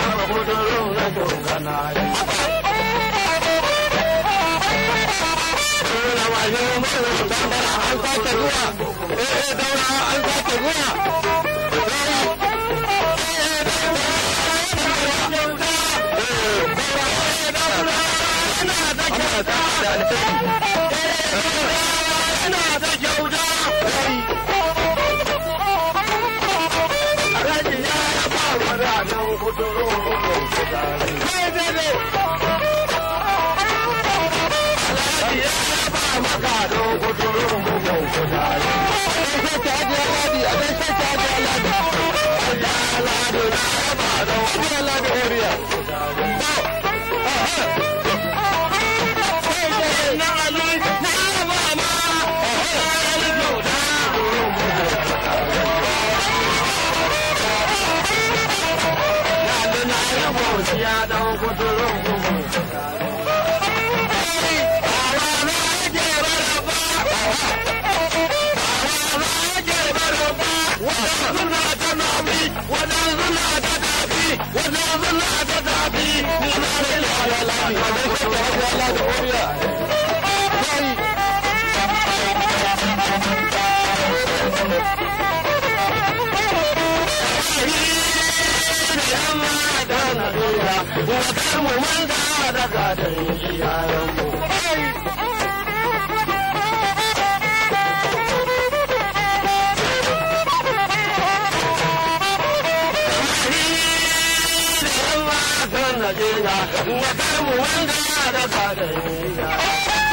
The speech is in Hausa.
haka kudurin na dogana ya an sake zuwa eh daura an sake zuwa Thank you. kuduro Allahu ya dan kuturin kuma. Wadanzu na ta tafi, wadanzu na ta tafi, ni na ta lalala. wutar mu mun dawa daga da yaran mu. Wutar mu mun dawa daga da yaran mu.